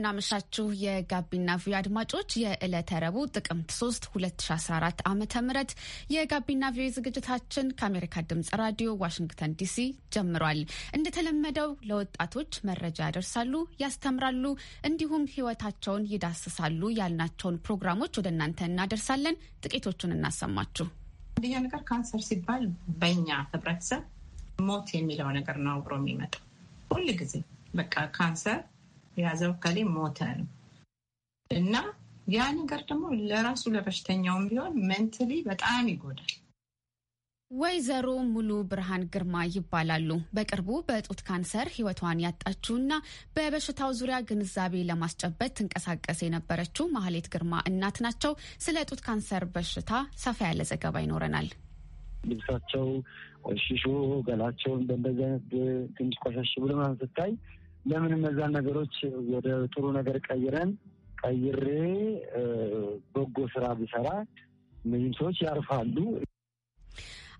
እንደምናመሻችሁ የጋቢና ቪዮ አድማጮች የዕለተ ረቡዕ ጥቅምት 3 2014 ዓ ም የጋቢና ቪዮ ዝግጅታችን ከአሜሪካ ድምጽ ራዲዮ ዋሽንግተን ዲሲ ጀምሯል። እንደተለመደው ለወጣቶች መረጃ ያደርሳሉ፣ ያስተምራሉ፣ እንዲሁም ህይወታቸውን ይዳስሳሉ ያልናቸውን ፕሮግራሞች ወደ እናንተ እናደርሳለን። ጥቂቶቹን እናሰማችሁ። አንደኛ ነገር ካንሰር ሲባል በኛ ህብረተሰብ ሞት የሚለው ነገር ነው አብሮ የሚመጣው ሁል ጊዜ በቃ ካንሰር የያዘው ከሌ ሞተ ነው እና ያ ነገር ደግሞ ለራሱ ለበሽተኛውም ቢሆን መንትሊ በጣም ይጎዳል። ወይዘሮ ሙሉ ብርሃን ግርማ ይባላሉ። በቅርቡ በጡት ካንሰር ሕይወቷን ያጣችውና በበሽታው ዙሪያ ግንዛቤ ለማስጨበት ትንቀሳቀስ የነበረችው ማህሌት ግርማ እናት ናቸው። ስለ ጡት ካንሰር በሽታ ሰፋ ያለ ዘገባ ይኖረናል። ልብሳቸው ቆሽሾ ገላቸውን በእንደዚህ አይነት ትንሽ ቆሻሽ ብሎ ስታይ ለምን እነዛን ነገሮች ወደ ጥሩ ነገር ቀይረን ቀይሬ በጎ ስራ ብሰራ እነዚህም ሰዎች ያርፋሉ።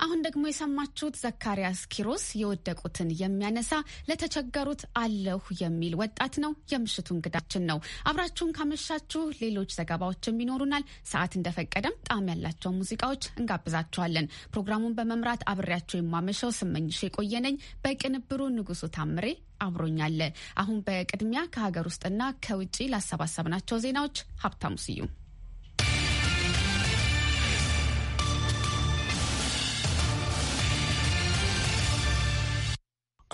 አሁን ደግሞ የሰማችሁት ዘካሪያስ ኪሮስ የወደቁትን የሚያነሳ ለተቸገሩት አለሁ የሚል ወጣት ነው። የምሽቱ እንግዳችን ነው። አብራችሁን ካመሻችሁ ሌሎች ዘገባዎችም ይኖሩናል። ሰዓት እንደፈቀደም ጣዕም ያላቸው ሙዚቃዎች እንጋብዛችኋለን። ፕሮግራሙን በመምራት አብሬያቸው የማመሸው ስመኝሽ የቆየነኝ፣ በቅንብሩ ንጉሱ ታምሬ አብሮኛለ። አሁን በቅድሚያ ከሀገር ውስጥና ከውጭ ላሰባሰብናቸው ዜናዎች ሀብታሙ ስዩም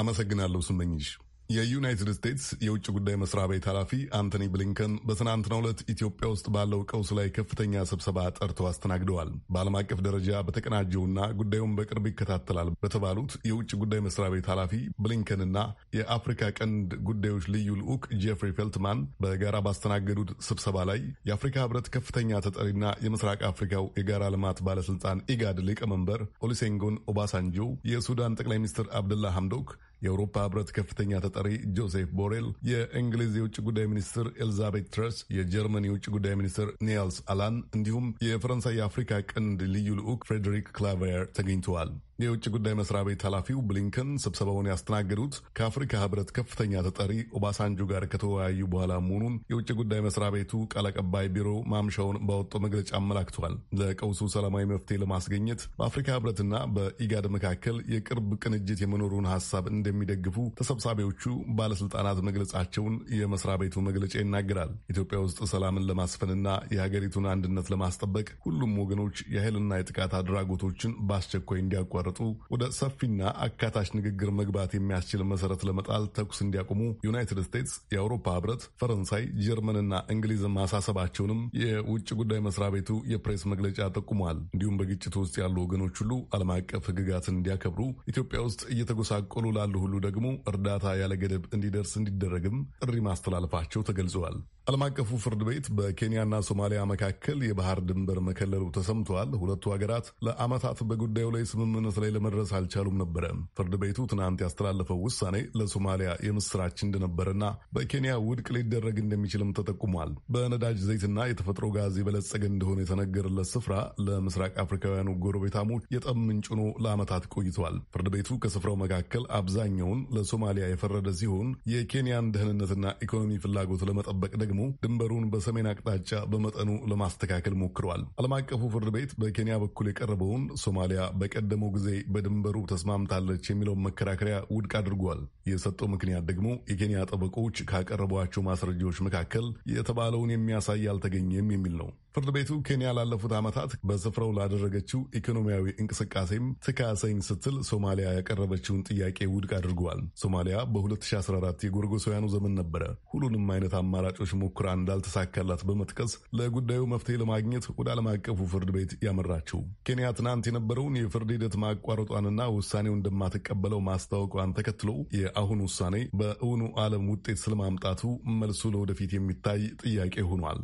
አመሰግናለሁ ስመኝሽ። የዩናይትድ ስቴትስ የውጭ ጉዳይ መስሪያ ቤት ኃላፊ አንቶኒ ብሊንከን በትናንትናው ዕለት ኢትዮጵያ ውስጥ ባለው ቀውስ ላይ ከፍተኛ ስብሰባ ጠርተው አስተናግደዋል። በዓለም አቀፍ ደረጃ በተቀናጀውና ጉዳዩን በቅርብ ይከታተላል በተባሉት የውጭ ጉዳይ መስሪያ ቤት ኃላፊ ብሊንከንና የአፍሪካ ቀንድ ጉዳዮች ልዩ ልዑክ ጄፍሪ ፌልትማን በጋራ ባስተናገዱት ስብሰባ ላይ የአፍሪካ ህብረት ከፍተኛ ተጠሪና የምስራቅ አፍሪካው የጋራ ልማት ባለስልጣን ኢጋድ ሊቀመንበር ኦሊሴንጎን ኦባሳንጆ፣ የሱዳን ጠቅላይ ሚኒስትር አብደላ ሐምዶክ የአውሮፓ ህብረት ከፍተኛ ተጠሪ ጆሴፍ ቦሬል፣ የእንግሊዝ የውጭ ጉዳይ ሚኒስትር ኤልዛቤት ትረስ፣ የጀርመን የውጭ ጉዳይ ሚኒስትር ኒያልስ አላን እንዲሁም የፈረንሳይ የአፍሪካ ቀንድ ልዩ ልዑክ ፍሬዴሪክ ክላቨየር ተገኝተዋል። የውጭ ጉዳይ መስሪያ ቤት ኃላፊው ብሊንከን ስብሰባውን ያስተናገዱት ከአፍሪካ ህብረት ከፍተኛ ተጠሪ ኦባሳንጆ ጋር ከተወያዩ በኋላ መሆኑን የውጭ ጉዳይ መስሪያ ቤቱ ቃል አቀባይ ቢሮ ማምሻውን ባወጣው መግለጫ አመላክቷል። ለቀውሱ ሰላማዊ መፍትሄ ለማስገኘት በአፍሪካ ህብረትና በኢጋድ መካከል የቅርብ ቅንጅት የመኖሩን ሀሳብ እንደሚደግፉ ተሰብሳቢዎቹ ባለስልጣናት መግለጻቸውን የመስሪያ ቤቱ መግለጫ ይናገራል። ኢትዮጵያ ውስጥ ሰላምን ለማስፈንና የሀገሪቱን አንድነት ለማስጠበቅ ሁሉም ወገኖች የኃይልና የጥቃት አድራጎቶችን በአስቸኳይ እንዲያቋር እንዲያቋርጡ ወደ ሰፊና አካታች ንግግር መግባት የሚያስችል መሰረት ለመጣል ተኩስ እንዲያቆሙ ዩናይትድ ስቴትስ፣ የአውሮፓ ህብረት፣ ፈረንሳይ፣ ጀርመንና እንግሊዝ ማሳሰባቸውንም የውጭ ጉዳይ መስሪያ ቤቱ የፕሬስ መግለጫ ጠቁሟል። እንዲሁም በግጭቱ ውስጥ ያሉ ወገኖች ሁሉ ዓለም አቀፍ ህግጋትን እንዲያከብሩ፣ ኢትዮጵያ ውስጥ እየተጎሳቆሉ ላሉ ሁሉ ደግሞ እርዳታ ያለ ገደብ እንዲደርስ እንዲደረግም ጥሪ ማስተላለፋቸው ተገልጸዋል። ዓለም አቀፉ ፍርድ ቤት በኬንያና ሶማሊያ መካከል የባህር ድንበር መከለሉ ተሰምቷል። ሁለቱ ሀገራት ለዓመታት በጉዳዩ ላይ ስምምነት ላይ ለመድረስ አልቻሉም ነበረ። ፍርድ ቤቱ ትናንት ያስተላለፈው ውሳኔ ለሶማሊያ የምስራች እንደነበረና በኬንያ ውድቅ ሊደረግ እንደሚችልም ተጠቁሟል። በነዳጅ ዘይትና የተፈጥሮ ጋዝ የበለጸገ እንደሆነ የተነገረለት ስፍራ ለምስራቅ አፍሪካውያኑ ጎረቤታሞች የጠብ ምንጭ ሆኖ ለዓመታት ቆይተዋል። ፍርድ ቤቱ ከስፍራው መካከል አብዛኛውን ለሶማሊያ የፈረደ ሲሆን የኬንያን ደህንነትና ኢኮኖሚ ፍላጎት ለመጠበቅ ደግሞ ደግሞ ድንበሩን በሰሜን አቅጣጫ በመጠኑ ለማስተካከል ሞክረዋል። ዓለም አቀፉ ፍርድ ቤት በኬንያ በኩል የቀረበውን ሶማሊያ በቀደመው ጊዜ በድንበሩ ተስማምታለች የሚለውን መከራከሪያ ውድቅ አድርጓል። የሰጠው ምክንያት ደግሞ የኬንያ ጠበቆች ካቀረቧቸው ማስረጃዎች መካከል የተባለውን የሚያሳይ አልተገኘም የሚል ነው። ፍርድ ቤቱ ኬንያ ላለፉት ዓመታት በስፍራው ላደረገችው ኢኮኖሚያዊ እንቅስቃሴም ትካሰኝ ስትል ሶማሊያ ያቀረበችውን ጥያቄ ውድቅ አድርገዋል። ሶማሊያ በ2014 የጎርጎሳውያኑ ዘመን ነበረ ሁሉንም አይነት አማራጮች ሞክራ እንዳልተሳካላት በመጥቀስ ለጉዳዩ መፍትሄ ለማግኘት ወደ ዓለም አቀፉ ፍርድ ቤት ያመራችው ኬንያ ትናንት የነበረውን የፍርድ ሂደት ማቋረጧንና ውሳኔው እንደማትቀበለው ማስታወቋን ተከትሎ የአሁን ውሳኔ በእውኑ ዓለም ውጤት ስለማምጣቱ መልሱ ለወደፊት የሚታይ ጥያቄ ሆኗል።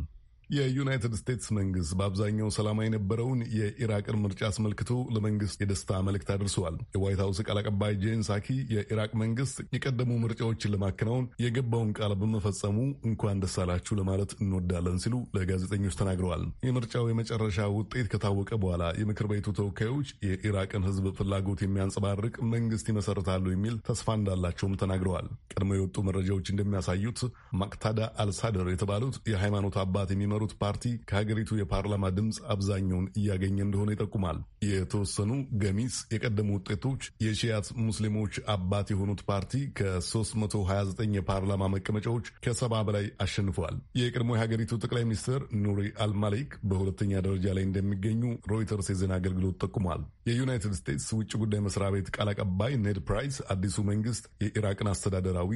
የዩናይትድ ስቴትስ መንግስት በአብዛኛው ሰላማዊ የነበረውን የኢራቅን ምርጫ አስመልክቶ ለመንግስት የደስታ መልእክት አድርሰዋል። የዋይት ሀውስ ቃል አቀባይ ጄን ሳኪ የኢራቅ መንግስት የቀደሙ ምርጫዎችን ለማከናወን የገባውን ቃል በመፈጸሙ እንኳን ደስ አላችሁ ለማለት እንወዳለን ሲሉ ለጋዜጠኞች ተናግረዋል። የምርጫው የመጨረሻ ውጤት ከታወቀ በኋላ የምክር ቤቱ ተወካዮች የኢራቅን ህዝብ ፍላጎት የሚያንጸባርቅ መንግስት ይመሰርታሉ የሚል ተስፋ እንዳላቸውም ተናግረዋል። ቀድሞ የወጡ መረጃዎች እንደሚያሳዩት ማቅታዳ አልሳደር የተባሉት የሃይማኖት አባት የሚመሩ የሚመሩት ፓርቲ ከሀገሪቱ የፓርላማ ድምፅ አብዛኛውን እያገኘ እንደሆነ ይጠቁማል። የተወሰኑ ገሚስ የቀደሙ ውጤቶች የሺያት ሙስሊሞች አባት የሆኑት ፓርቲ ከ329 የፓርላማ መቀመጫዎች ከሰባ በላይ አሸንፈዋል። የቀድሞ የሀገሪቱ ጠቅላይ ሚኒስትር ኑሪ አልማሌክ በሁለተኛ ደረጃ ላይ እንደሚገኙ ሮይተርስ የዜና አገልግሎት ጠቁሟል። የዩናይትድ ስቴትስ ውጭ ጉዳይ መስሪያ ቤት ቃል አቀባይ ኔድ ፕራይስ አዲሱ መንግስት የኢራቅን አስተዳደራዊ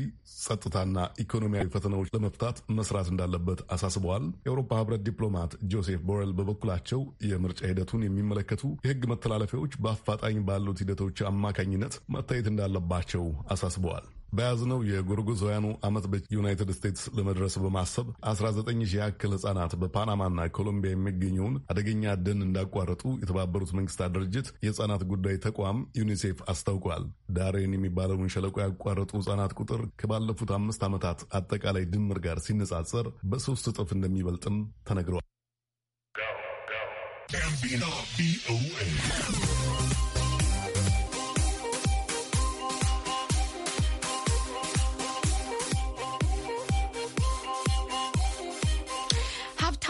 ጸጥታና ኢኮኖሚያዊ ፈተናዎች ለመፍታት መስራት እንዳለበት አሳስበዋል። የአውሮፓ ህብረት ዲፕሎማት ጆሴፍ ቦረል በበኩላቸው የምርጫ ሂደቱን የሚመለከቱ የህግ መተላለፊያዎች በአፋጣኝ ባሉት ሂደቶች አማካኝነት መታየት እንዳለባቸው አሳስበዋል። በያዝነው የጎርጎሳውያኑ ዓመት በዩናይትድ ስቴትስ ለመድረስ በማሰብ 19 ሺህ ያክል ሕጻናት በፓናማና ኮሎምቢያ የሚገኘውን አደገኛ ደን እንዳቋረጡ የተባበሩት መንግስታት ድርጅት የሕጻናት ጉዳይ ተቋም ዩኒሴፍ አስታውቋል። ዳሬን የሚባለውን ሸለቆ ያቋረጡ ሕጻናት ቁጥር ከባለፉት አምስት ዓመታት አጠቃላይ ድምር ጋር ሲነጻጸር በሦስት እጥፍ እንደሚበልጥም ተነግረዋል።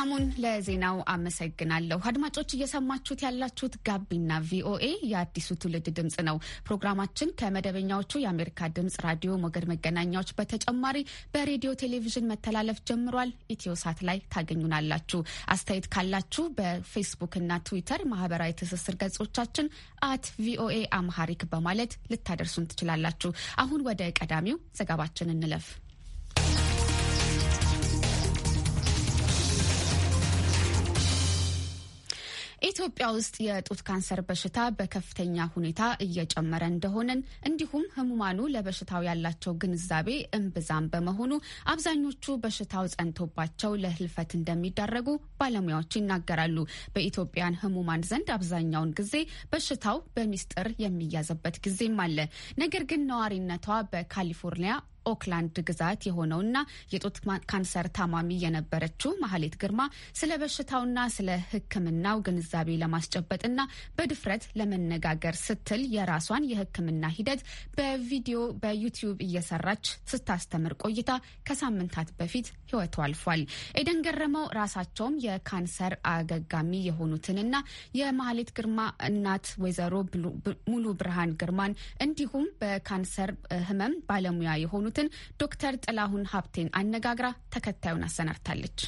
ሰለሞን ለዜናው አመሰግናለሁ። አድማጮች እየሰማችሁት ያላችሁት ጋቢና ቪኦኤ የአዲሱ ትውልድ ድምጽ ነው። ፕሮግራማችን ከመደበኛዎቹ የአሜሪካ ድምጽ ራዲዮ ሞገድ መገናኛዎች በተጨማሪ በሬዲዮ ቴሌቪዥን መተላለፍ ጀምሯል። ኢትዮ ሳት ላይ ታገኙናላችሁ። አስተያየት ካላችሁ በፌስቡክ እና ትዊተር ማህበራዊ ትስስር ገጾቻችን አት ቪኦኤ አምሃሪክ በማለት ልታደርሱን ትችላላችሁ። አሁን ወደ ቀዳሚው ዘገባችን እንለፍ። ኢትዮጵያ ውስጥ የጡት ካንሰር በሽታ በከፍተኛ ሁኔታ እየጨመረ እንደሆነን እንዲሁም ህሙማኑ ለበሽታው ያላቸው ግንዛቤ እምብዛም በመሆኑ አብዛኞቹ በሽታው ጸንቶባቸው ለህልፈት እንደሚዳረጉ ባለሙያዎች ይናገራሉ። በኢትዮጵያን ህሙማን ዘንድ አብዛኛውን ጊዜ በሽታው በሚስጥር የሚያዝበት ጊዜም አለ። ነገር ግን ነዋሪነቷ በካሊፎርኒያ ኦክላንድ ግዛት የሆነውና የጡት ካንሰር ታማሚ የነበረችው መሀሌት ግርማ ስለ በሽታውና ስለ ሕክምናው ግንዛቤ ለማስጨበጥና በድፍረት ለመነጋገር ስትል የራሷን የሕክምና ሂደት በቪዲዮ በዩቲዩብ እየሰራች ስታስተምር ቆይታ ከሳምንታት በፊት ህይወቱ አልፏል። ኤደን ገረመው ራሳቸውም የካንሰር አገጋሚ የሆኑትንና የማህሌት ግርማ እናት ወይዘሮ ሙሉ ብርሃን ግርማን እንዲሁም በካንሰር ህመም ባለሙያ የሆኑትን ዶክተር ጥላሁን ሀብቴን አነጋግራ ተከታዩን አሰናድታለች።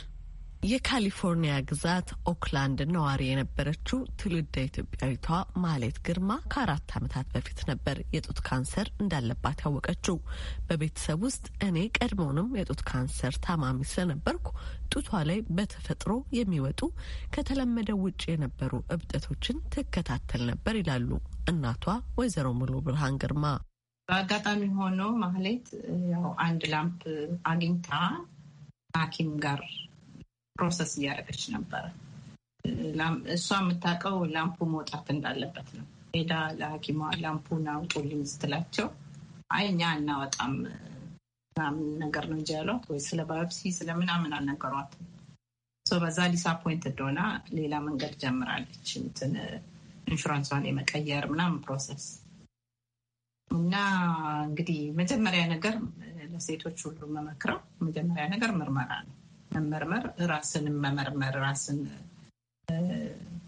የካሊፎርኒያ ግዛት ኦክላንድ ነዋሪ የነበረችው ትውልደ ኢትዮጵያዊቷ ማሌት ግርማ ከአራት ዓመታት በፊት ነበር የጡት ካንሰር እንዳለባት ያወቀችው። በቤተሰብ ውስጥ እኔ ቀድሞውንም የጡት ካንሰር ታማሚ ስለነበርኩ ጡቷ ላይ በተፈጥሮ የሚወጡ ከተለመደ ውጭ የነበሩ እብጠቶችን ትከታተል ነበር ይላሉ እናቷ ወይዘሮ ሙሉ ብርሃን ግርማ። በአጋጣሚ ሆኖ ማህሌት ያው አንድ ላምፕ አግኝታ ሐኪም ጋር ፕሮሰስ እያደረገች ነበረ። እሷ የምታውቀው ላምፑ መውጣት እንዳለበት ነው። ሄዳ ለሐኪሟ ላምፑን አውጡልኝ ስትላቸው አይ እኛ እናወጣም ምናምን ነገር ነው እንጂ ያሏት ወይ ስለ ባዮፕሲ ስለምናምን አልነገሯትም። በዛ ዲስአፖይንት እንደሆና ሌላ መንገድ ጀምራለች። እንትን ኢንሹራንሷን የመቀየር ምናምን ፕሮሰስ እና እንግዲህ መጀመሪያ ነገር ለሴቶች ሁሉ መመክረው መጀመሪያ ነገር ምርመራ ነው። መመርመር፣ ራስንም መመርመር፣ ራስን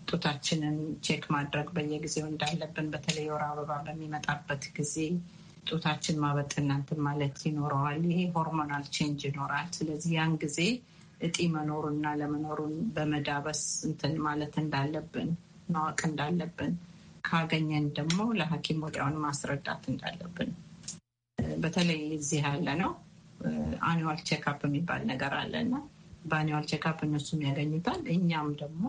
ጡታችንን ቼክ ማድረግ በየጊዜው እንዳለብን በተለይ ወር አበባ በሚመጣበት ጊዜ ጡታችን ማበጥና እንትን ማለት ይኖረዋል። ይሄ ሆርሞናል ቼንጅ ይኖራል። ስለዚህ ያን ጊዜ እጢ መኖሩና ለመኖሩን በመዳበስ እንትን ማለት እንዳለብን ማወቅ እንዳለብን ካገኘን ደግሞ ለሐኪም ወዲያውን ማስረዳት እንዳለብን በተለይ እዚህ ያለ ነው አኒዋል ቼክአፕ የሚባል ነገር አለ እና በአኒዋል ቼክአፕ እነሱም ያገኙታል። እኛም ደግሞ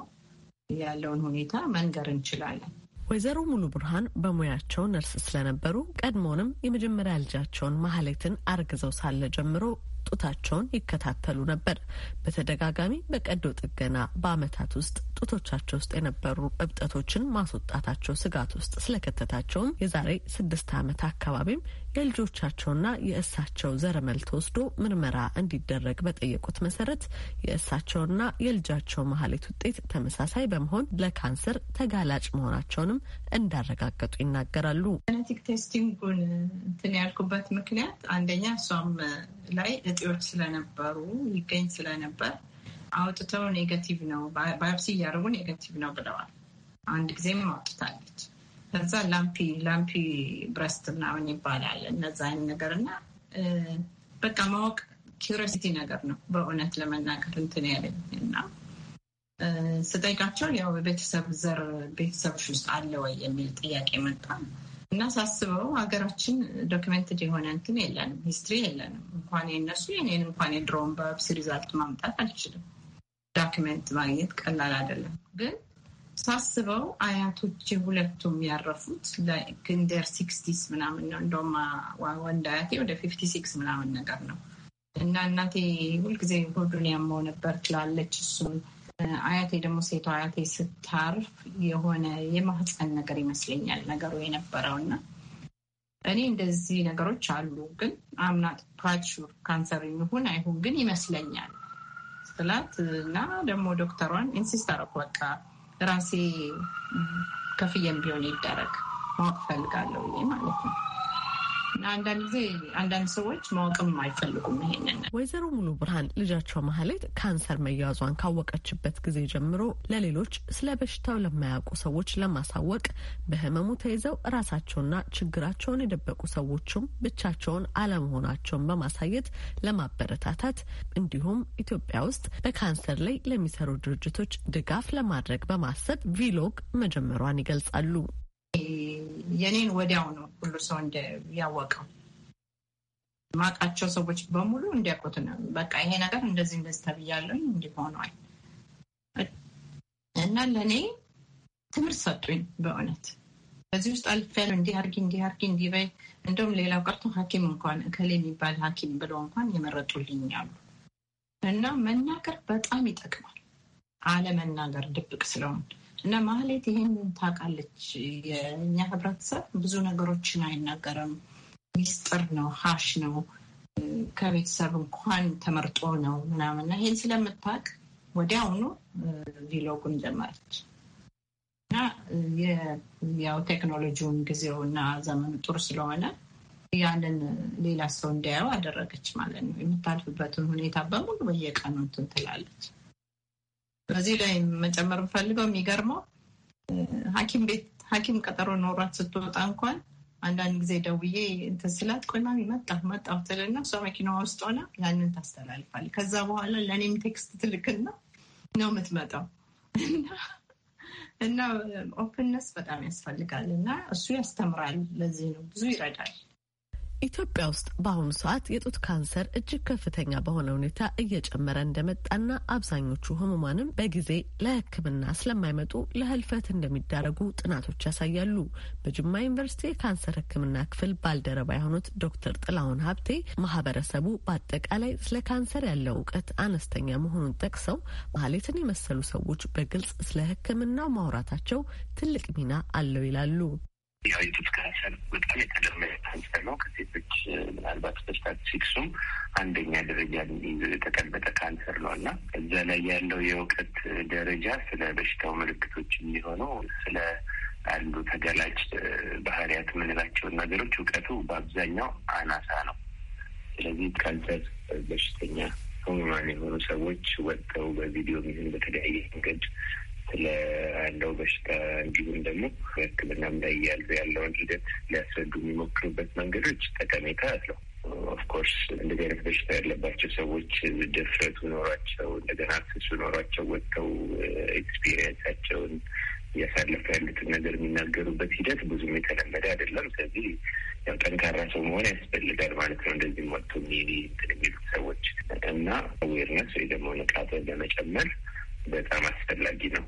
ያለውን ሁኔታ መንገር እንችላለን። ወይዘሮ ሙሉ ብርሃን በሙያቸው ነርስ ስለነበሩ ቀድሞውንም የመጀመሪያ ልጃቸውን ማህሌትን አርግዘው ሳለ ጀምሮ ጡታቸውን ይከታተሉ ነበር። በተደጋጋሚ በቀዶ ጥገና በአመታት ውስጥ ጡቶቻቸው ውስጥ የነበሩ እብጠቶችን ማስወጣታቸው ስጋት ውስጥ ስለከተታቸውም የዛሬ ስድስት አመት አካባቢም የልጆቻቸውና የእሳቸው ዘረመል ተወስዶ ምርመራ እንዲደረግ በጠየቁት መሰረት የእሳቸውና የልጃቸው መሀሌት ውጤት ተመሳሳይ በመሆን ለካንሰር ተጋላጭ መሆናቸውንም እንዳረጋገጡ ይናገራሉ። ጄኔቲክ ቴስቲንጉን እንትን ያልኩበት ምክንያት አንደኛ እሷም ላይ እጢዎች ስለነበሩ ይገኝ ስለነበር አውጥተው ኔጋቲቭ ነው ባዮፕሲ እያደረጉ ኔጋቲቭ ነው ብለዋል። አንድ ጊዜም አውጥታለች። ከዛ ላምፒ ላምፒ ብረስት ምናምን ይባላል እነዛ አይነት ነገር እና በቃ ማወቅ ኪሪሲቲ ነገር ነው በእውነት ለመናገር እንትን ያለኝ እና ስጠይቃቸው ያው ቤተሰብ ዘር ቤተሰብሽ ውስጥ አለ ወይ የሚል ጥያቄ መጣ እና ሳስበው ሀገራችን ዶክመንትድ የሆነ እንትን የለንም፣ ሂስትሪ የለንም። እንኳን የነሱ የኔን እንኳን የድሮውን በብስ ሪዛልት ማምጣት አልችልም። ዶክመንት ማግኘት ቀላል አይደለም። ግን ሳስበው አያቶች ሁለቱም ያረፉት ግንደር ሲክስቲስ ምናምን ነው። እንደውም ወንድ አያቴ ወደ ፊፍቲ ሲክስ ምናምን ነገር ነው እና እናቴ ሁልጊዜ ሆዱን ያመው ነበር ትላለች እሱን አያቴ ደግሞ ሴቷ አያቴ ስታርፍ የሆነ የማህፀን ነገር ይመስለኛል ነገሩ የነበረው እና እኔ እንደዚህ ነገሮች አሉ፣ ግን አምናት ፕራቹር ካንሰር ይሁን አይሁን ግን ይመስለኛል ስላት እና ደግሞ ዶክተሯን ኢንሲስት አረኩ በቃ ራሴ ከፍየም ቢሆን ይደረግ ማወቅ ፈልጋለሁ ማለት ነው። አንዳንድ ጊዜ አንዳንድ ሰዎች ማወቅም አይፈልጉም ይሄንን። ወይዘሮ ሙሉ ብርሃን ልጃቸው መሀሌት ካንሰር መያዟን ካወቀችበት ጊዜ ጀምሮ ለሌሎች ስለ በሽታው ለማያውቁ ሰዎች ለማሳወቅ በህመሙ ተይዘው ራሳቸውና ችግራቸውን የደበቁ ሰዎችም ብቻቸውን አለመሆናቸውን በማሳየት ለማበረታታት እንዲሁም ኢትዮጵያ ውስጥ በካንሰር ላይ ለሚሰሩ ድርጅቶች ድጋፍ ለማድረግ በማሰብ ቪሎግ መጀመሯን ይገልጻሉ። የኔን ወዲያው ነው ሁሉ ሰው ያወቀው። ማቃቸው ሰዎች በሙሉ እንዲያውቁት ነው። በቃ ይሄ ነገር እንደዚህ እንደዚህ ተብያለሁ እንዲሆነዋል እና ለእኔ ትምህርት ሰጡኝ። በእውነት በዚህ ውስጥ አልፌያለሁ። እንዲህ አርጊ፣ እንዲህ አርጊ፣ እንዲህ በይ። እንደውም ሌላው ቀርቶ ሐኪም እንኳን እከሌ የሚባል ሐኪም ብለው እንኳን የመረጡልኝ አሉ እና መናገር በጣም ይጠቅማል። አለመናገር ድብቅ ስለሆን እና ማህሌት ይህን ታውቃለች። የእኛ ህብረተሰብ ብዙ ነገሮችን አይናገርም። ሚስጥር ነው፣ ሀሽ ነው፣ ከቤተሰብ እንኳን ተመርጦ ነው ምናምን እና ይህን ስለምታውቅ ወዲያውኑ ዲሎጉን ጀመረች እና ያው ቴክኖሎጂውን ጊዜው እና ዘመኑ ጥሩ ስለሆነ ያንን ሌላ ሰው እንዲያየው አደረገች ማለት ነው። የምታልፍበትን ሁኔታ በሙሉ በየቀኑ እንትን ትላለች። በዚህ ላይ መጨመር ፈልገው የሚገርመው ሐኪም ቤት ሐኪም ቀጠሮ ኖሯት ስትወጣ እንኳን አንዳንድ ጊዜ ደውዬ እንትን ስላት መጣ መጣ መጣሁ ትልና እሷ መኪናዋ ውስጥ ሆና ያንን ታስተላልፋል። ከዛ በኋላ ለእኔም ቴክስት ትልክና ነው የምትመጣው እና ኦፕንነስ በጣም ያስፈልጋል እና እሱ ያስተምራል። ለዚህ ነው ብዙ ይረዳል። ኢትዮጵያ ውስጥ በአሁኑ ሰዓት የጡት ካንሰር እጅግ ከፍተኛ በሆነ ሁኔታ እየጨመረ እንደመጣና አብዛኞቹ ህሙማንም በጊዜ ለሕክምና ስለማይመጡ ለህልፈት እንደሚዳረጉ ጥናቶች ያሳያሉ። በጅማ ዩኒቨርሲቲ የካንሰር ሕክምና ክፍል ባልደረባ የሆኑት ዶክተር ጥላሁን ሀብቴ ማህበረሰቡ በአጠቃላይ ስለ ካንሰር ያለው እውቀት አነስተኛ መሆኑን ጠቅሰው ማህሌትን የመሰሉ ሰዎች በግልጽ ስለ ሕክምናው ማውራታቸው ትልቅ ሚና አለው ይላሉ። የዩቱብ ካንሰር በጣም የተለመደ ካንሰር ነው። ከሴቶች ምናልባት በስታቲስቲክሱም አንደኛ ደረጃ የተቀመጠ ካንሰር ነው እና እዛ ላይ ያለው የእውቀት ደረጃ ስለ በሽታው ምልክቶች የሚሆነው ስለ አንዱ ተገላጭ ባህሪያት የምንላቸውን ነገሮች እውቀቱ በአብዛኛው አናሳ ነው። ስለዚህ ካንሰር በሽተኛ ህሙማን የሆኑ ሰዎች ወጥተው በቪዲዮ ሚሆን በተለያየ መንገድ ስለ ያለው በሽታ እንዲሁም ደግሞ በሕክምናም ላይ ያሉ ያለውን ሂደት ሊያስረዱ የሚሞክሩበት መንገዶች ጠቀሜታ አለው። ኦፍኮርስ እንደዚህ አይነት በሽታ ያለባቸው ሰዎች ድፍረቱ ኖሯቸው እንደገና ስሱ ኖሯቸው ወጥተው ኤክስፒሪየንሳቸውን እያሳለፈ ያሉትን ነገር የሚናገሩበት ሂደት ብዙም የተለመደ አይደለም። ስለዚህ ያው ጠንካራ ሰው መሆን ያስፈልጋል ማለት ነው። እንደዚህም ወጥቶ ሚኒ እንትን የሚሉት ሰዎች እና አዌርነስ ወይ ደግሞ ንቃትን ለመጨመር በጣም አስፈላጊ ነው።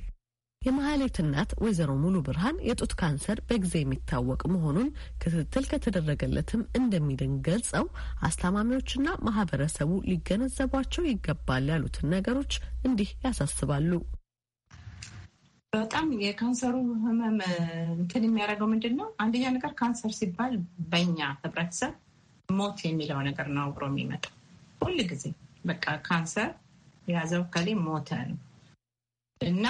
የመሀሌት እናት ወይዘሮ ሙሉ ብርሃን የጡት ካንሰር በጊዜ የሚታወቅ መሆኑን ክትትል ከተደረገለትም እንደሚድን ገልጸው አስታማሚዎችና ማህበረሰቡ ሊገነዘቧቸው ይገባል ያሉትን ነገሮች እንዲህ ያሳስባሉ። በጣም የካንሰሩ ህመም እንትን የሚያደርገው ምንድን ነው? አንደኛ ነገር ካንሰር ሲባል በኛ ህብረተሰብ ሞት የሚለው ነገር ነው አብሮ የሚመጣው ሁል ጊዜ በቃ ካንሰር የያዘው ከሌ ሞተ ነው እና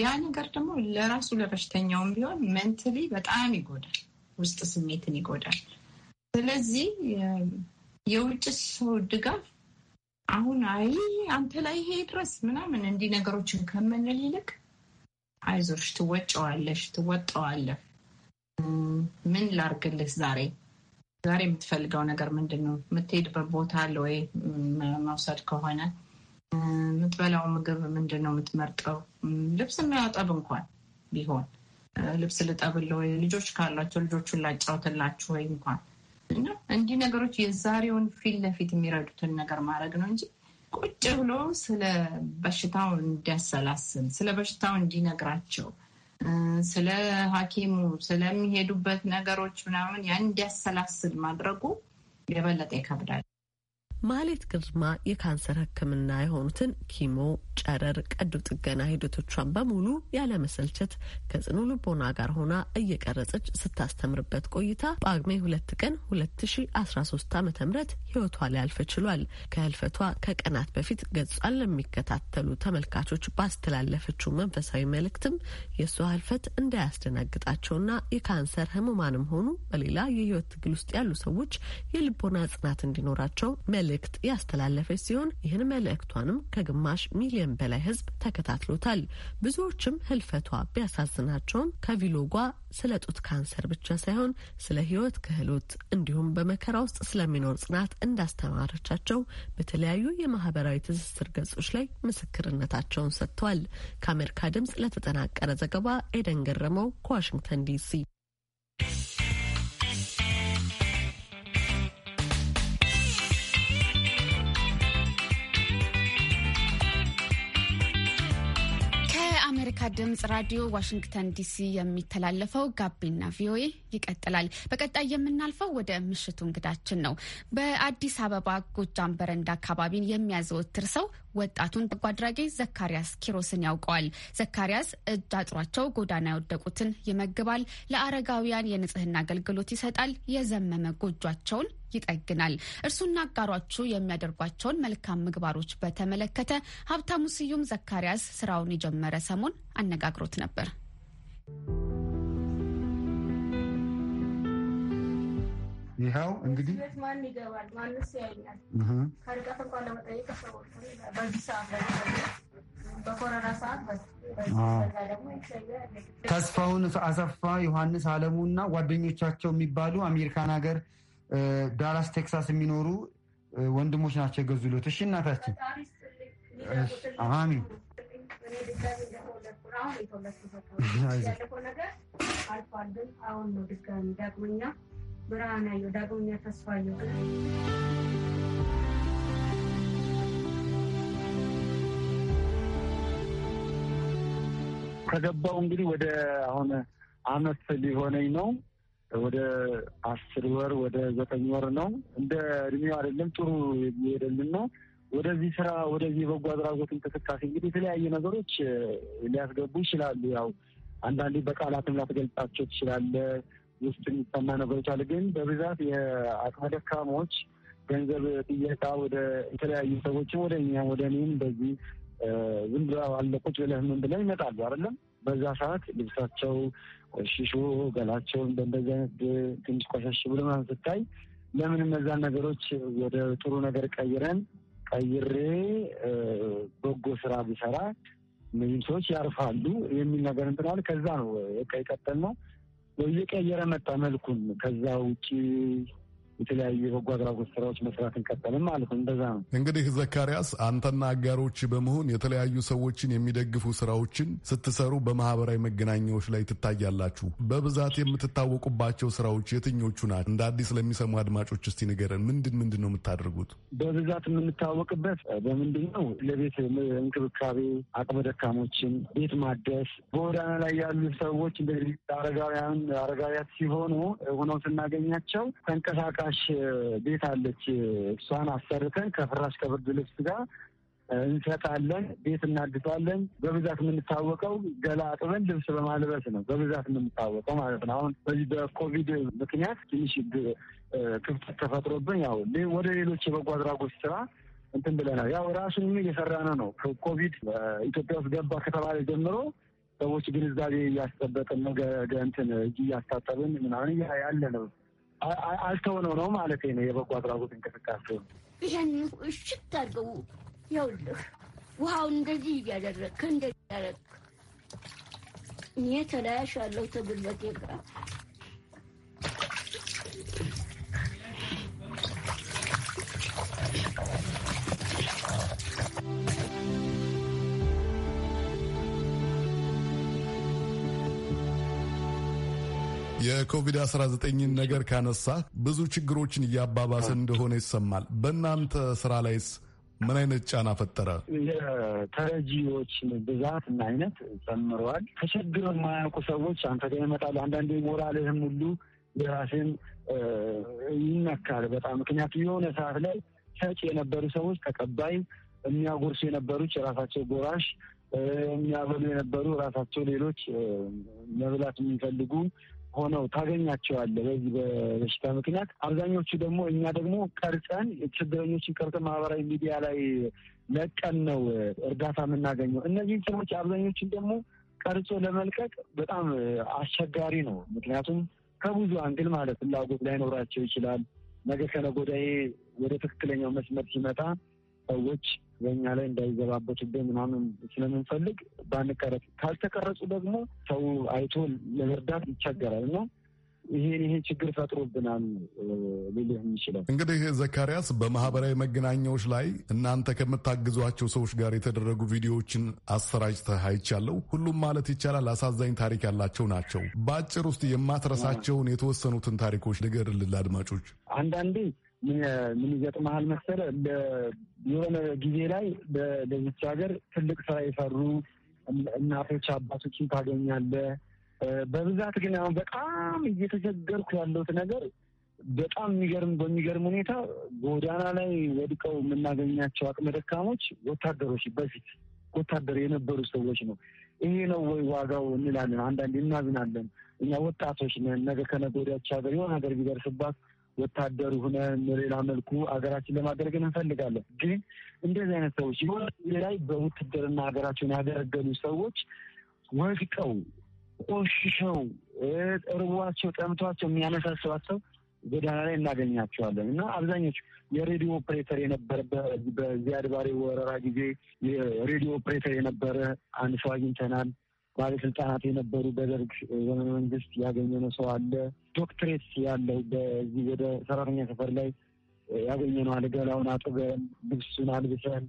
ያ ነገር ደግሞ ለራሱ ለበሽተኛውም ቢሆን ሜንትሊ በጣም ይጎዳል፣ ውስጥ ስሜትን ይጎዳል። ስለዚህ የውጭ ሰው ድጋፍ አሁን አይ አንተ ላይ ይሄ ድረስ ምናምን እንዲህ ነገሮችን ከምንል ይልቅ አይዞሽ፣ ትወጨዋለሽ፣ ትወጠዋለህ፣ ምን ላርግልህ ዛሬ ዛሬ የምትፈልገው ነገር ምንድን ነው? የምትሄድበት ቦታ አለ ወይ? መውሰድ ከሆነ የምትበላው ምግብ ምንድን ነው የምትመርጠው? ልብስ የሚያጠብ እንኳን ቢሆን ልብስ ልጠብል ወይ ልጆች ካላቸው ልጆቹን ላጫውትላችሁ ወይ እንኳን እና እንዲህ ነገሮች የዛሬውን ፊት ለፊት የሚረዱትን ነገር ማድረግ ነው እንጂ ቁጭ ብሎ ስለ በሽታው እንዲያሰላስል፣ ስለ በሽታው እንዲነግራቸው፣ ስለ ሐኪሙ ስለሚሄዱበት ነገሮች ምናምን ያን እንዲያሰላስል ማድረጉ የበለጠ ይከብዳል። ማሌት ግርማ የካንሰር ሕክምና የሆኑትን ኪሞ፣ ጨረር፣ ቀዶ ጥገና ሂደቶቿን በሙሉ ያለመሰልቸት ከጽኑ ልቦና ጋር ሆና እየቀረጸች ስታስተምርበት ቆይታ በጳጉሜ ሁለት ቀን ሁለት ሺ አስራ ሶስት አመተ ምህረት ህይወቷ ሊያልፍ ችሏል። ከህልፈቷ ከቀናት በፊት ገጿን ለሚከታተሉ ተመልካቾች ባስተላለፈችው መንፈሳዊ መልእክትም የእሷ ህልፈት እንዳያስደናግጣቸውና የካንሰር ህሙማንም ሆኑ በሌላ የህይወት ትግል ውስጥ ያሉ ሰዎች የልቦና ጽናት እንዲኖራቸው መል መልእክት ያስተላለፈች ሲሆን ይህን መልእክቷንም ከግማሽ ሚሊዮን በላይ ህዝብ ተከታትሎታል። ብዙዎችም ህልፈቷ ቢያሳዝናቸውም ከቪሎጓ ስለ ጡት ካንሰር ብቻ ሳይሆን ስለ ህይወት ክህሎት እንዲሁም በመከራ ውስጥ ስለሚኖር ጽናት እንዳስተማረቻቸው በተለያዩ የማህበራዊ ትስስር ገጾች ላይ ምስክርነታቸውን ሰጥተዋል። ከአሜሪካ ድምጽ ለተጠናቀረ ዘገባ ኤደን ገረመው ከዋሽንግተን ዲሲ ከአሜሪካ ድምጽ ራዲዮ ዋሽንግተን ዲሲ የሚተላለፈው ጋቢና ቪኦኤ ይቀጥላል። በቀጣይ የምናልፈው ወደ ምሽቱ እንግዳችን ነው። በአዲስ አበባ ጎጃም በረንዳ አካባቢን የሚያዘወትር ሰው ወጣቱን በጎ አድራጊ ዘካሪያስ ኪሮስን ያውቀዋል። ዘካሪያስ እጅ አጥሯቸው ጎዳና የወደቁትን ይመግባል፣ ለአረጋውያን የንጽህና አገልግሎት ይሰጣል፣ የዘመመ ጎጇቸውን ይጠግናል። እርሱና አጋሮቹ የሚያደርጓቸውን መልካም ምግባሮች በተመለከተ ሀብታሙ ስዩም ዘካሪያስ ስራውን የጀመረ ሰሞን አነጋግሮት ነበር። ይኸው እንግዲህ ማን ይገባል? ማንስ ከርቀት እንኳን ለመጠየቅ ሰዎች በዚህ ሰዓት በኮረና ሰዓት ተስፋውን አሰፋ፣ ዮሐንስ አለሙ እና ጓደኞቻቸው የሚባሉ አሜሪካን ሀገር ዳላስ ቴክሳስ የሚኖሩ ወንድሞች ናቸው የገዙሎት። እሺ እናታችን፣ አሚን አሁን ብርሃናየሁ፣ ዳግመኛ ተስፋየሁ ከገባው እንግዲህ ወደ አሁን አመት ሊሆነኝ ነው። ወደ አስር ወር ወደ ዘጠኝ ወር ነው። እንደ እድሜው አይደለም፣ ጥሩ የሚሄደልን ነው። ወደዚህ ስራ ወደዚህ የበጎ አድራጎት እንቅስቃሴ እንግዲህ የተለያየ ነገሮች ሊያስገቡ ይችላሉ። ያው አንዳንዴ በቃላትም ላትገልጻቸው ትችላለህ። ውስጥ የሚሰማ ነገሮች አለ። ግን በብዛት የአቅመ ደካሞች ገንዘብ ጥየቃ ወደ የተለያዩ ሰዎችም ወደ እኛ ወደ እኔም በዚህ ዝም ብለው ቁጭ ብለህ ምን ብለው ይመጣሉ አይደለም። በዛ ሰዓት ልብሳቸው ቆሽሾ ገላቸውን በእንደዚህ አይነት ትንሽ ቆሻሽ ብሎ ምናምን ስታይ ለምን እነዛን ነገሮች ወደ ጥሩ ነገር ቀይረን ቀይሬ በጎ ስራ ቢሰራ እነዚህም ሰዎች ያርፋሉ የሚል ነገር እንትናል። ከዛ ነው በቃ ነው እየቀየረ መጣ መልኩን። ከዛ ውጭ የተለያዩ የበጎ አድራጎት ስራዎች መስራት እንቀጠልም ማለት ነው። እንደዛ ነው እንግዲህ። ዘካሪያስ አንተና አጋሮች በመሆን የተለያዩ ሰዎችን የሚደግፉ ስራዎችን ስትሰሩ በማህበራዊ መገናኛዎች ላይ ትታያላችሁ። በብዛት የምትታወቁባቸው ስራዎች የትኞቹ ናቸው? እንደ አዲስ ለሚሰሙ አድማጮች እስቲ ንገረን። ምንድን ምንድን ነው የምታደርጉት? በብዛት የምንታወቅበት በምንድን ነው? ለቤት እንክብካቤ፣ አቅመ ደካሞችን ቤት ማደስ፣ በጎዳና ላይ ያሉ ሰዎች እንደዚህ አረጋውያን አረጋውያት ሲሆኑ ሆነው ስናገኛቸው ተንቀሳቃ ፍራሽ ቤት አለች። እሷን አሰርተን ከፍራሽ ከብርድ ልብስ ጋር እንሰጣለን። ቤት እናድሳለን። በብዛት የምንታወቀው ገላ አጥበን ልብስ በማልበስ ነው። በብዛት የምንታወቀው ማለት ነው። አሁን በዚህ በኮቪድ ምክንያት ትንሽ ክፍተት ተፈጥሮብን ያው ወደ ሌሎች የበጎ አድራጎት ስራ እንትን ብለናል። ያው ራሱን እየሰራ ነው ነው ኮቪድ ኢትዮጵያ ውስጥ ገባ ከተባለ ጀምሮ ሰዎች ግንዛቤ እያስጠበቅን ነው እንትን እጅ እያስታጠብን ምናምን ያለ ነው አልተሆነው ነው ማለት ነው። የበጎ አድራጎት እንቅስቃሴ ይህን እሽት አድርገው ይኸውልህ፣ ውሃውን እንደዚህ እያደረግክ እንደዚህ ያደረግክ እኔ ተለያሽ ያለው ተጉልበቴ ጋር Thank you. የኮቪድ-19ን ነገር ካነሳ ብዙ ችግሮችን እያባባሰ እንደሆነ ይሰማል። በእናንተ ስራ ላይስ ምን አይነት ጫና ፈጠረ? የተረጂዎችን ብዛት እና አይነት ጨምረዋል። ተቸግረው የማያውቁ ሰዎች አንተ ጋር ይመጣሉ። አንዳንዴ ሞራልህም ሁሉ የራስህን ይነካል በጣም ምክንያቱ የሆነ ሰዓት ላይ ሰጪ የነበሩ ሰዎች ተቀባይ፣ የሚያጎርሱ የነበሩች የራሳቸው ጎራሽ፣ የሚያበሉ የነበሩ ራሳቸው ሌሎች መብላት የሚፈልጉ ሆነው ታገኛቸዋለህ በዚህ በበሽታ ምክንያት። አብዛኞቹ ደግሞ እኛ ደግሞ ቀርጸን ችግረኞችን ቀርጸን ማህበራዊ ሚዲያ ላይ ለቀን ነው እርዳታ የምናገኘው። እነዚህን ሰዎች አብዛኞችን ደግሞ ቀርጾ ለመልቀቅ በጣም አስቸጋሪ ነው። ምክንያቱም ከብዙ አንግል ማለት ፍላጎት ላይኖራቸው ይችላል። ነገ ከነገ ወዲያ ወደ ትክክለኛው መስመር ሲመጣ ሰዎች በእኛ ላይ እንዳይዘባበቱብን ምናምን ስለምንፈልግ ባንቀረጽ፣ ካልተቀረጹ ደግሞ ሰው አይቶ ለመርዳት ይቸገራል እና ይሄን ይሄን ችግር ፈጥሮብናል ሊልህ ይችላል። እንግዲህ ዘካሪያስ በማህበራዊ መገናኛዎች ላይ እናንተ ከምታግዟቸው ሰዎች ጋር የተደረጉ ቪዲዮዎችን አሰራጭተህ አይቻለሁ። ሁሉም ማለት ይቻላል አሳዛኝ ታሪክ ያላቸው ናቸው። በአጭር ውስጥ የማትረሳቸውን የተወሰኑትን ታሪኮች ንገርልን ለአድማጮች። አንዳንዴ ምን ይገጥመሃል መሰለ የሆነ ጊዜ ላይ በዚች ሀገር ትልቅ ስራ የሰሩ እናቶች አባቶችን ታገኛለ። በብዛት ግን አሁን በጣም እየተቸገርኩ ያለሁት ነገር በጣም የሚገርም በሚገርም ሁኔታ ጎዳና ላይ ወድቀው የምናገኛቸው አቅመ ደካሞች ወታደሮች፣ በፊት ወታደር የነበሩ ሰዎች ነው። ይሄ ነው ወይ ዋጋው እንላለን። አንዳንዴ እናዝናለን። እኛ ወጣቶች ነን። ነገ ከነገ ወዲያ ሀገር የሆነ ሀገር ቢደርስባት ወታደሩ ሆነ ሌላ መልኩ ሀገራችን ለማገልገል እንፈልጋለን። ግን እንደዚህ አይነት ሰዎች ይሆን ላይ በውትድርና ሀገራቸውን ያገለገሉ ሰዎች ወድቀው ቆሽሸው እርቧቸው ጠምቷቸው የሚያነሳስባቸው ጎዳና ላይ እናገኛቸዋለን እና አብዛኞቹ የሬዲዮ ኦፕሬተር የነበረ በዚያድ አድባሬ ወረራ ጊዜ የሬዲዮ ኦፕሬተር የነበረ አንድ ሰው አግኝተናል። ባለስልጣናት የነበሩ በደርግ ዘመነ መንግስት ያገኘነው ሰው አለ። ዶክትሬት ያለው በዚህ ወደ ሰራተኛ ሰፈር ላይ ያገኘነው አለ። ገላውን አጥበን ልብሱን አልብሰን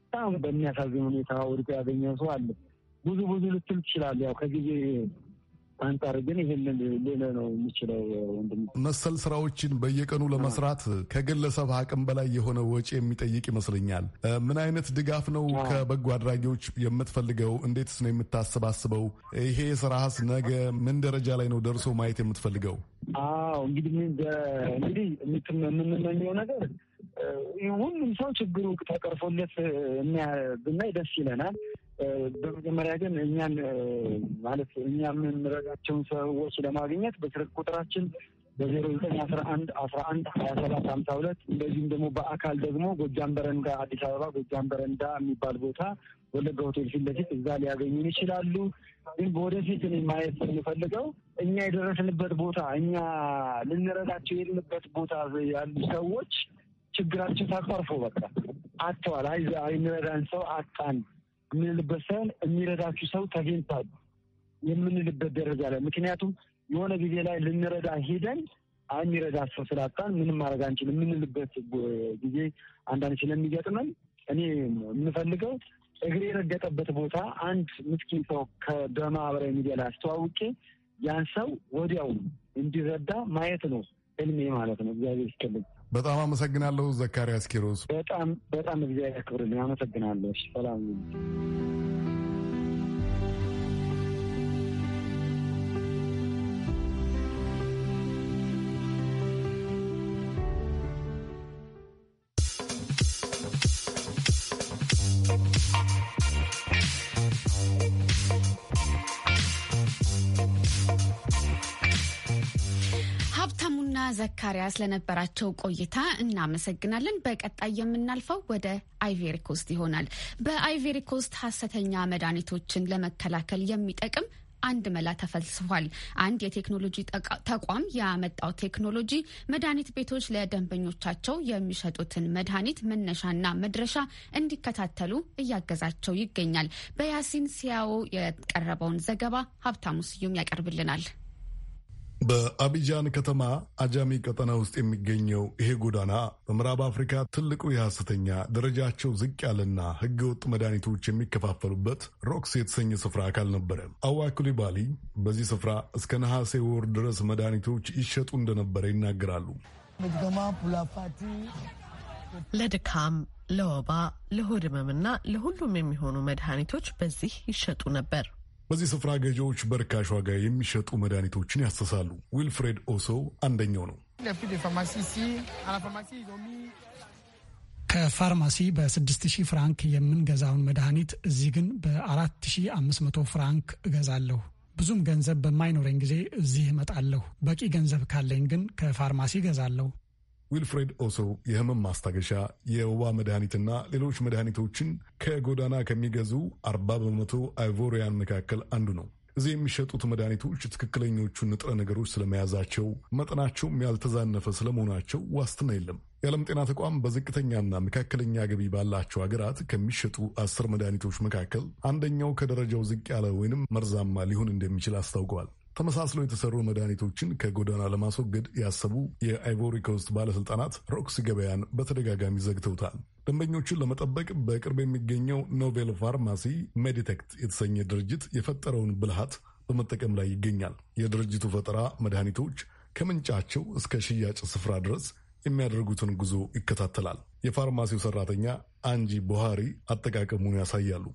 በጣም በሚያሳዝን ሁኔታ ወድቆ ያገኘነው ሰው አለ። ብዙ ብዙ ልትል ትችላል። ያው ከጊዜ አንጻር ግን ይህንን ሌለ ነው የሚችለው። ወንድም መሰል ስራዎችን በየቀኑ ለመስራት ከግለሰብ አቅም በላይ የሆነ ወጪ የሚጠይቅ ይመስለኛል። ምን አይነት ድጋፍ ነው ከበጎ አድራጊዎች የምትፈልገው? እንዴትስ ነው የምታሰባስበው? ይሄ ስራስ ነገ ምን ደረጃ ላይ ነው ደርሶ ማየት የምትፈልገው? አዎ እንግዲህ እንግዲህ የምንመኘው ነገር ሁሉም ሰው ችግሩ ተቀርፎለት ብናይ ደስ ይለናል። በመጀመሪያ ግን እኛን ማለት እኛ የምንረዳቸውን ሰዎች ለማግኘት በስልክ ቁጥራችን በዜሮ ዘጠኝ አስራ አንድ አስራ አንድ ሀያ ሰባት ሀምሳ ሁለት እንደዚሁም ደግሞ በአካል ደግሞ ጎጃም በረንዳ አዲስ አበባ ጎጃም በረንዳ የሚባል ቦታ ወለጋ ሆቴል ፊት ለፊት እዛ ሊያገኙን ይችላሉ። ግን በወደፊት እኔ ማየት የምፈልገው እኛ የደረስንበት ቦታ እኛ ልንረዳቸው የልንበት ቦታ ያሉ ሰዎች ችግራችን ታቋርፎ በቃ አጥተዋል። አይ እንረዳን ሰው አጣን የምንልበት ሳይሆን የሚረዳችሁ ሰው ተገኝቷል የምንልበት ደረጃ ላይ ምክንያቱም የሆነ ጊዜ ላይ ልንረዳ ሄደን አይ የሚረዳ ሰው ስላጣን ምንም ማድረግ አንችል የምንልበት ጊዜ አንዳንድ ስለሚገጥመን እኔ የምፈልገው እግሬ የረገጠበት ቦታ አንድ ምስኪን ሰው በማህበራዊ ሚዲያ ላይ አስተዋውቄ ያን ሰው ወዲያው እንዲረዳ ማየት ነው እልሜ ማለት ነው። እግዚአብሔር ይስጥልኝ። በጣም አመሰግናለሁ ዘካሪያስ ኪሮስ። በጣም በጣም እግዚአብሔር ክብርልኝ። አመሰግናለሁ። ሰላም ዘካሪያ ስለነበራቸው ቆይታ እናመሰግናለን። በቀጣይ የምናልፈው ወደ አይቬሪ ኮስት ይሆናል። በአይቬሪ ኮስት ሀሰተኛ መድኃኒቶችን ለመከላከል የሚጠቅም አንድ መላ ተፈልስፏል። አንድ የቴክኖሎጂ ተቋም ያመጣው ቴክኖሎጂ መድኃኒት ቤቶች ለደንበኞቻቸው የሚሸጡትን መድኃኒት መነሻና መድረሻ እንዲከታተሉ እያገዛቸው ይገኛል። በያሲን ሲያዎ የቀረበውን ዘገባ ሀብታሙ ስዩም ያቀርብልናል። በአቢጃን ከተማ አጃሚ ቀጠና ውስጥ የሚገኘው ይሄ ጎዳና በምዕራብ አፍሪካ ትልቁ የሐሰተኛ ደረጃቸው ዝቅ ያለና ህገወጥ መድኃኒቶች የሚከፋፈሉበት ሮክስ የተሰኘ ስፍራ አካል ነበረ። አዋኩሊ ባሊ በዚህ ስፍራ እስከ ነሐሴ ወር ድረስ መድኃኒቶች ይሸጡ እንደነበረ ይናገራሉ። ለድካም፣ ለወባ፣ ለሆድ ህመምና ለሁሉም የሚሆኑ መድኃኒቶች በዚህ ይሸጡ ነበር። በዚህ ስፍራ ገዢዎች በርካሽ ዋጋ የሚሸጡ መድኃኒቶችን ያሰሳሉ። ዊልፍሬድ ኦሶ አንደኛው ነው። ከፋርማሲ በ6000 ፍራንክ የምንገዛውን መድኃኒት እዚህ ግን በ4500 ፍራንክ እገዛለሁ። ብዙም ገንዘብ በማይኖረኝ ጊዜ እዚህ እመጣለሁ። በቂ ገንዘብ ካለኝ ግን ከፋርማሲ እገዛለሁ። ዊልፍሬድ ኦሶ የህመም ማስታገሻ የወባ መድኃኒትና ሌሎች መድኃኒቶችን ከጎዳና ከሚገዙ አርባ በመቶ አይቮሪያን መካከል አንዱ ነው። እዚህ የሚሸጡት መድኃኒቶች ትክክለኞቹ ንጥረ ነገሮች ስለመያዛቸው መጠናቸውም ያልተዛነፈ ስለመሆናቸው ዋስትና የለም። የዓለም ጤና ተቋም በዝቅተኛና መካከለኛ ገቢ ባላቸው ሀገራት ከሚሸጡ አስር መድኃኒቶች መካከል አንደኛው ከደረጃው ዝቅ ያለ ወይንም መርዛማ ሊሆን እንደሚችል አስታውቀዋል። ተመሳስለው የተሰሩ መድኃኒቶችን ከጎዳና ለማስወገድ ያሰቡ የአይቮሪ ኮስት ባለስልጣናት ሮክስ ገበያን በተደጋጋሚ ዘግተውታል። ደንበኞቹን ለመጠበቅ በቅርብ የሚገኘው ኖቬል ፋርማሲ ሜዲቴክት የተሰኘ ድርጅት የፈጠረውን ብልሃት በመጠቀም ላይ ይገኛል። የድርጅቱ ፈጠራ መድኃኒቶች ከምንጫቸው እስከ ሽያጭ ስፍራ ድረስ የሚያደርጉትን ጉዞ ይከታተላል። የፋርማሲው ሰራተኛ አንጂ ቦሃሪ አጠቃቀሙን ያሳያሉ።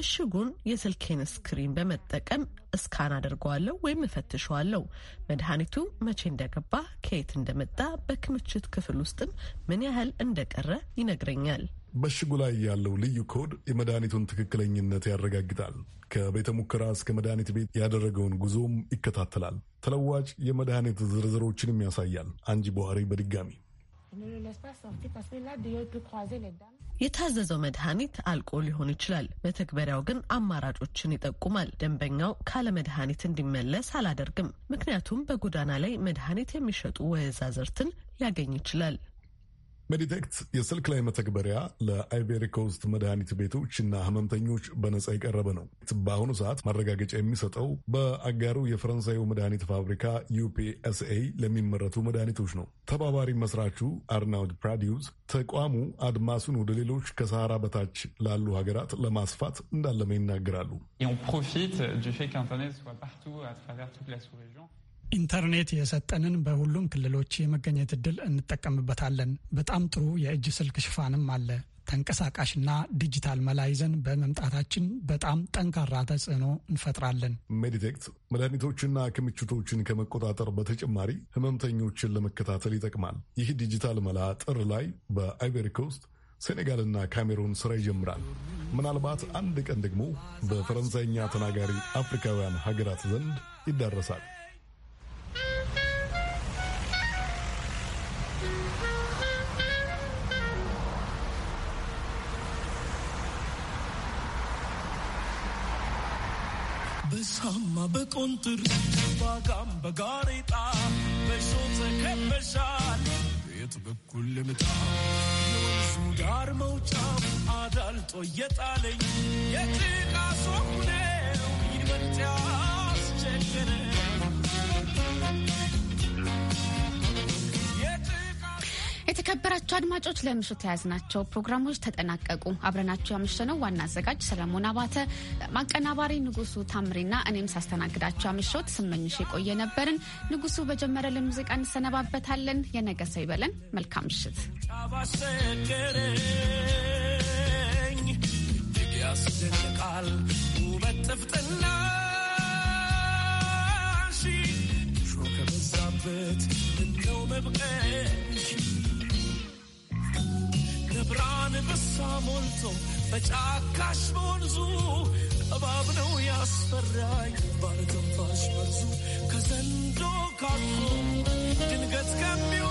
እሽጉን የስልኬን ስክሪን በመጠቀም እስካን አድርገዋለሁ ወይም እፈትሸዋለሁ። መድኃኒቱ መቼ እንደገባ፣ ከየት እንደመጣ፣ በክምችት ክፍል ውስጥም ምን ያህል እንደቀረ ይነግረኛል። በእሽጉ ላይ ያለው ልዩ ኮድ የመድኃኒቱን ትክክለኝነት ያረጋግጣል። ከቤተ ሙከራ እስከ መድኃኒት ቤት ያደረገውን ጉዞም ይከታተላል። ተለዋጭ የመድኃኒት ዝርዝሮችንም ያሳያል። አንጂ በኋሪ በድጋሚ የታዘዘው መድኃኒት አልቆ ሊሆን ይችላል። መተግበሪያው ግን አማራጮችን ይጠቁማል። ደንበኛው ካለ መድኃኒት እንዲመለስ አላደርግም፣ ምክንያቱም በጎዳና ላይ መድኃኒት የሚሸጡ ወዛዝርትን ሊያገኝ ይችላል። ሜዲቴክት የስልክ ላይ መተግበሪያ ለአይቬሪኮስት መድኃኒት ቤቶች እና ህመምተኞች በነጻ የቀረበ ነው። በአሁኑ ሰዓት ማረጋገጫ የሚሰጠው በአጋሩ የፈረንሳዩ መድኃኒት ፋብሪካ ዩፒኤስኤ ለሚመረቱ መድኃኒቶች ነው። ተባባሪ መስራቹ አርናውድ ፕራዲውስ ተቋሙ አድማሱን ወደ ሌሎች ከሰሃራ በታች ላሉ ሀገራት ለማስፋት እንዳለመ ይናገራሉ። ኢንተርኔት የሰጠንን በሁሉም ክልሎች የመገኘት እድል እንጠቀምበታለን። በጣም ጥሩ የእጅ ስልክ ሽፋንም አለ። ተንቀሳቃሽና ዲጂታል መላ ይዘን በመምጣታችን በጣም ጠንካራ ተጽዕኖ እንፈጥራለን። ሜዲቴክት መድኃኒቶችና ክምችቶችን ከመቆጣጠር በተጨማሪ ህመምተኞችን ለመከታተል ይጠቅማል። ይህ ዲጂታል መላ ጥር ላይ በአይቨሪ ኮስት ሴኔጋልና ካሜሩን ስራ ይጀምራል። ምናልባት አንድ ቀን ደግሞ በፈረንሳይኛ ተናጋሪ አፍሪካውያን ሀገራት ዘንድ ይዳረሳል። በቆንጥር ባጋም በጋሬጣ በሾ ተከበሻል። ቤት በኩል ልምጣ የወንዙ ዳር መውጫው አዳልጦ እየጣለኝ የጭቃ ሶኩኔው ይበልጥ ያስቸገረ የተከበራቸው አድማጮች ለምሽቱ የያዝናቸው ፕሮግራሞች ተጠናቀቁ። አብረናቸው ያመሸነው ዋና አዘጋጅ ሰለሞን አባተ፣ ማቀናባሪ ንጉሱ ታምሬና እኔም ሳስተናግዳቸው ያመሸሁት ስመኝሽ የቆየ ነበርን። ንጉሱ በጀመረልን ሙዚቃ እንሰነባበታለን። የነገ ሰው ይበለን። መልካም ምሽት። ያስደንቃል ውበት እንደው መብቀ ብርሃን ብሳ ሞልቶ በጫካሽ በወንዙ እባብ ነው ያስፈራኝ ባለከንፋሽ መርዙ ከዘንዶ ካቶ ድንገት ከሚሆን